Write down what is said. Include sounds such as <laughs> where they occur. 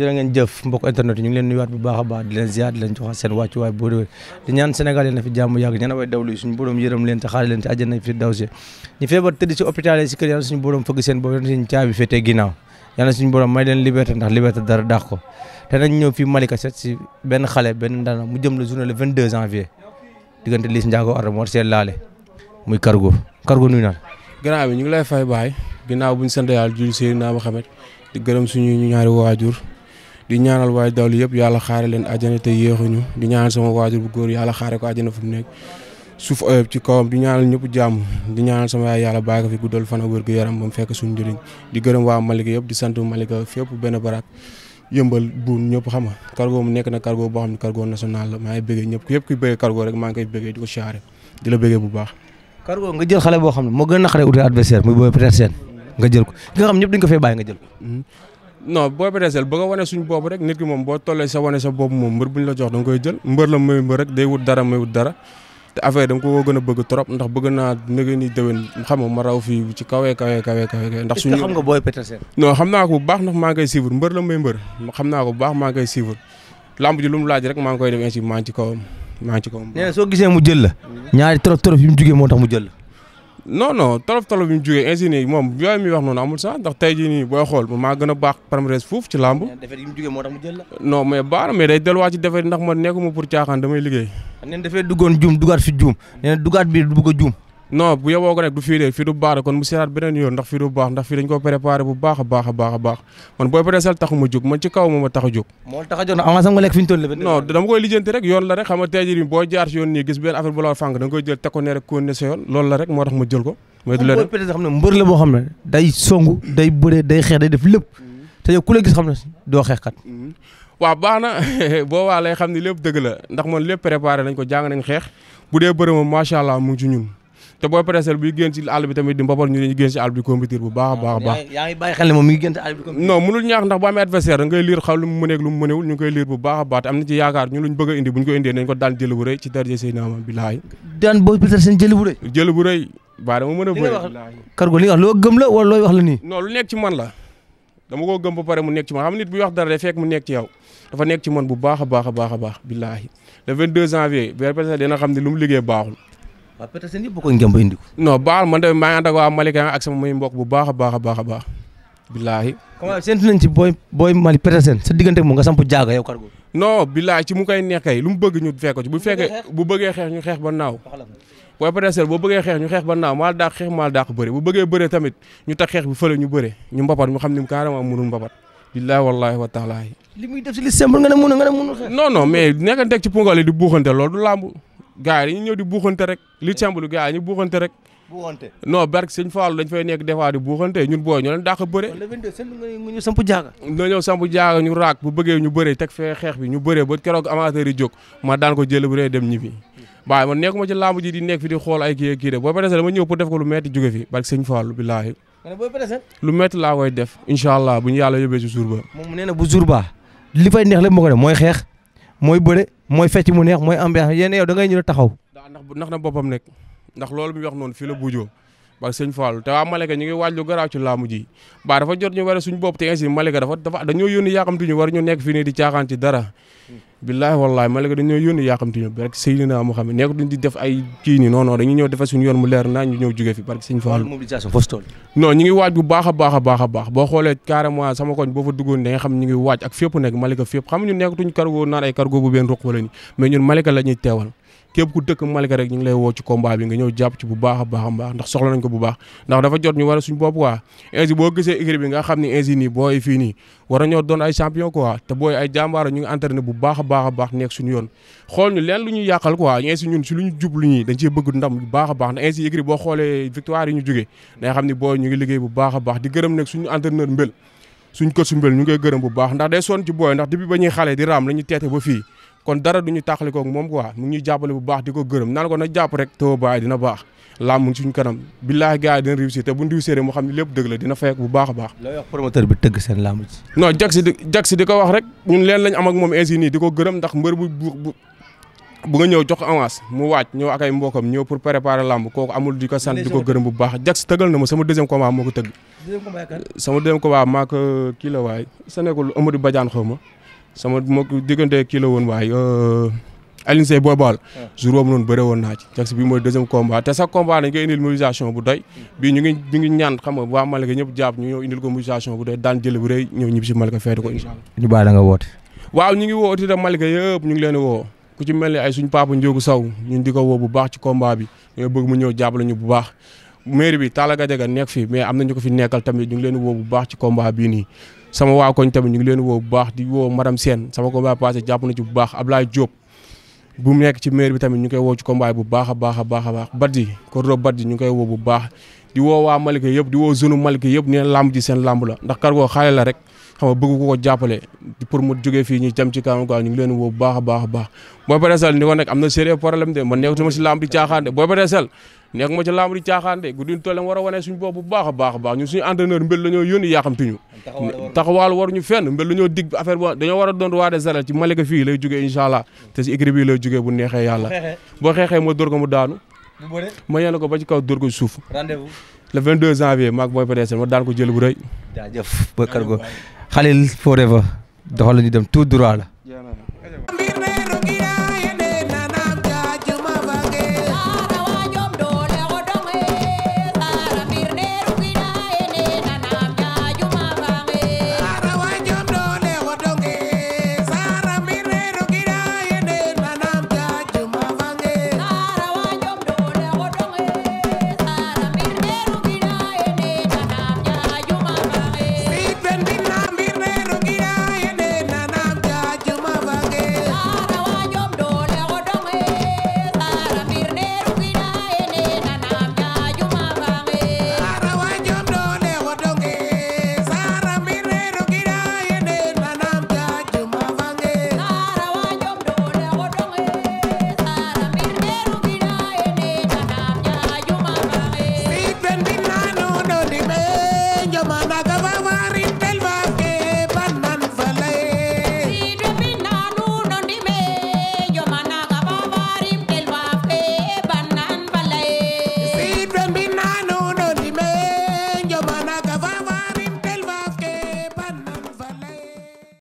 jërë ngeen jëf mbokk internet yi ñu ngi leen nuyuwaat bu baax a baax di leen ziar di leen joxaat seen wàccuwaay boo déwér di ñaan Sénégal yéen na fi jàmm yàgg ñaan way dawlu yi suñu borom yërëm leen te xaar leen ci àjjana fi daw si ñu feebar naa bi ñu ngi lay fay baay ginnaaw buñ sant yàlla jul Seydina Muhammad di gërëm suñu ñaari waajur di ñaanal waay dawlu yëpp yàlla xaare leen àjjana te yéexuñu di ñaanal sama waajur bu góor yàlla xaare ko àjjana fu mu nekk suuf oyof ci kawam di ñaanal ñëpp jàmm di ñaanal sama yàlla bàyyi ko fi guddal fan ak wér gu yaram ba mu fekk suñu njëriñ di gërëm waa Malika yëpp di sant Malika fépp benn baraak yëmbal buun ñëpp xam cargo mu nekk na cargo boo xam ne cargo national la maa ngi bëggee ñëpp yëpp bëggee cargo rek maa ngi bëggee di ko siyaare di la bëggee boo xam ne moo gën a naqaree uti adversaire non booy Pétérsele bëgg a wane suñu bopp rek nit ki moom boo tollee sa wane sa bopp moom mbër bu ñu la jox da koy jël mbër la muy mbër rek day wut dara muy wut dara te affaire dama ko gën a bëgg trop ndax bëgg naa nëgë xam ma raw fii ci kawee kawee kawee kawee ndax suñu xam xam naa ko bu baax ndax maa nga koy suivre mbër la muy mbër xam naa ko bu baax maa ngi koy suivre lamb lu mu laaj rek maa ngi koy dem ainsi maa ngi ci kawam maa ngi ci kawam nee na soo gisee mu jël la ñaari trop trop yi mu jugee moo tax mu jël la non non tolof tolof bi mu jógee yi moom yooyu muy wax noonu amul sax ndax tey jii nii booy xool man maa gën a baax palmarès fuuf ci làmb. defet yi mu jógee moo tax mu jël la. non mais baax na mais day delluwaat pour caaxaan damay liggéey. nee na dafay duggoon juum dugaat fi juum nee na dugaat bi du bëgg juum. non bu yeboo ko rek du fii de fii du baax de kon mu seeraat beneen yoon ndax fii du baax ndax fii dañ ko préparé bu baax a baax a baax a baax man booy potesel a jóg a jóg avant sax nga lekk fi ñu toll non dama koy lijjanti rek yoon la rek xam boo jaar da nga lépp mm-hmm. te ku xam ne doo xeexkat mm-hmm. waaw baax na <laughs> boobaa lay xam ne lépp dëgg la ndax man lépp préparé nañ ko jàng nañ xeex bu dee bëri moom allah mu ngi ci ñun te booy parcelle buy génn ci àll bi tamit di mbapat ñu dañuy génn ci àll bi di compétir bu baax a baax a baax yaa ngi bàyyi xel ne moom mi ngi génn ci àll bi non mënul ñaax ndax bu amee adversaire da ngay liir xaw lu mu mëneeg lu mu mënewul ñu ngi koy liir bu baax a baax te am na ci yaakaar ñun luñ bëgg a indi buñ ko indee nañ ko daan jël bu rëy ci darje sëy naama bilaay daan booy parcelle seen jël bu rëy jël bu rëy baa dama mën a bëri Cargo li nga wax loo gëm la wala looy wax la nii non lu nekk ci man la dama koo gëm ba pare mu nekk ci man xam nit buy wax dara day fekk mu nekk ci yow dafa nekk ci man bu baax a baax a baax a baax billaahi le 22 janvier bu parcelle dina xam ne lu mu liggéey baaxul waa Petersen seen yëpp boo ba indi a baax a baax a baax. billaahi. comment séntu nañ ci mu nga samp jaaga yow Kargo. non mu lu mu bëgg ñu fekk ko ci bu fekkee bu bëggee xeex ñu xeex ba naaw. booy Petersen boo bëggee xeex ñu xeex ba naaw maal dàq xeex maal dàq bëre bu bëggee bëre tamit ñu tax xeex bi fële ñu bëre ñu mbapat ñu xam ni carrément mënul mbapat billaahi wallaahi wa taala li muy def ci li simple nga ne mun nga ne mais nekk ci pungal di buuxante loolu du làmb gars yi dañuy ñëw di buuxante rek li càmbalu gars yi ñu buuxante rek. buuxante non barke sëñ Fallou dañ fay nekk des fois di buuxante ñun booy ñu leen a bëre. le nga ñu sampu jaaga. nga ñëw sampu ñu raak bu bëggee ñu bëree teg fee xeex bi ñu bëre ba keroog amateur yi jóg ma daan ko jël bu dem ñibbi. waaye man nekkuma ci làmb ji di nekk fi rek boo def ko lu metti jóge fi barke sëñ Fallou billaahi lu metti laa koy def incha bu ñu yàlla yóbbee ci jour ba. moom nee na bu jour ba li fay neex lépp moo ko def mooy xeex mooy bëre mooy fecc mu neex mooy ambiance yéen yow da ngay ñëw taxaw. ndax ndax na boppam nekk ndax loolu bi wax noonu fii la buujoo ba sëñ Fall te waa Malika ñu ngi waaj lu garaaw ci laamu ji ba dafa jot ñu war suñu bopp te ainsi Malika dafa dafa dañoo yónni yaaxamtu ñu war ñu nekk fii nii di caaxaan ci dara billaahi wallaahi Malika dañoo yónni yaaxamtu ñu rek Seydina Muhammad nekk duñ di def ay kii nii non ñëw defal suñu yoon mu leer naa ñu ñëw jóge fi barke sëñ Fall mobilisation ñu ngi waaj bu baax a baax a a baax boo xoolee carrément sama koñ boo fa duggoon da nga xam ñu ngi waaj ak fépp nekk Malika fépp xam ñu nekk duñ cargo naan ay cargo bu benn ruq wala teewal képp ku dëkk Malika rek ñu ngi lay woo ci combat bi nga ñëw jàpp ci bu baax a baax a baax ndax soxla nañ ko bu baax ndax dafa jot ñu war a suñ bopp quoi insi boo gisee écrit bi nga xam ne insi nii booy fii nii war a ñoo doon ay champion quoi te booy ay ñu ngi entraîné bu baax baax a baax nekk suñu yoon xool ñu leen lu ñuy yàqal quoi insi ñun si lu ñu jub lu ñuy dañ cee bëgg ndam bu baax a baax ndax insi écrit boo xoolee victoire yi ñu xam ne booy ñu ngi liggéey bu baax a baax di gërëm nag suñu entraîneur mbël suñ coach mbël ñu ngi koy gërëm bu baax ndax day sonn ci booy ndax depuis ba ñuy xale di raam la ñu teete ba fii kon dara du ñu tàqalikoog moom quoi mu ngi jàppale bu baax di ko gërëm naan ko na jàpp rek taw baay dina baax làmb mu ngi kanam billaahi gars yi dina réussir te bu ñu réussir mu xam ne lépp dëgg la dina fekk bu baax bi tëgg seen làmb ci. non jag si di di ko wax rek ñun leen lañ am ak moom ainsi di ko gërëm ndax mbër bu bu bu nga ñëw jox avance mu waaj ñëw ak ay mbokam ñëw pour préparer làmb kooku amul di ko sant di ko gërëm bu baax jag si na ma sama deuxième combat moo ko tëgg. deuxième combat kan sama deuxième combat maa ko euh, kii la waay sa nekkul Amadou Badiane xaw ma sama ma diggante kii la woon waay euh, Alioune Seye booy baal jour noonu bëre woon naa ci teg si bii mooy deuxième combat bu doy mm. bii ñu ngi ñu ngi ñaan xam nga waa Malika ñëpp jàpp ñu ñëw indil ko mobilisation bu doy daan jël bu rëy ñëw ñibbi si Malika feete ko incha allah ñu baax ñu ngi te Malika yëpp leen di woo ku ci mel ni ay suñu papa Ndiogou Sow ñun di ko woo bu baax ci combat bi ñoo mu ñëw jàppale ñu bu baax mairie bi Talla Gadiaga nekk fi mais am na ñu ko fi nekkal tamit ñu ngi leen di woo bu baax ci combat bii nii sama waa koñ tamit ñu ngi leen woo bu baax di woo madame seen sama combat passé jàpp na bu baax Ablaye Diop bu mu nekk ci maire bi tamit ñu koy woo ci combat bu baax a baax a baax a baax Badji Cordo Badji ñu koy woo bu baax di woo waa Malika yëpp di woo zone Malika yëpp ne làmb ji seen làmb la ndax Cargo xaale la rek xam nga bëgg ko ko jàppale pour mu jógee fii ñu jëm ci kanam quoi ñu ngi leen woo bu baax a baax a baax Boy Patessal ni ko nag am na sérieux problème de man nekkatuma si làmb di caaxaan de Boy a wane suñu bopp bu baax a a baax mbel la ñoo yónni war ñu fenn mbel la ñoo dig affaire bo dañoo war a doon roi des arènes ci Malika fii lay jógee incha allah te si équipe bi lay jógee bu neexee yàlla <laughs> boo xeexee ma dóor ko mu daanu ma yéene ko ba ci kaw dóor ko ci suuf. rendez-vous. le 22 janvier maag booy PDS ma daan ko jël bu rëy. jaajëf ba Kargo Khalil Forever doxal la ñu dem tout droit la.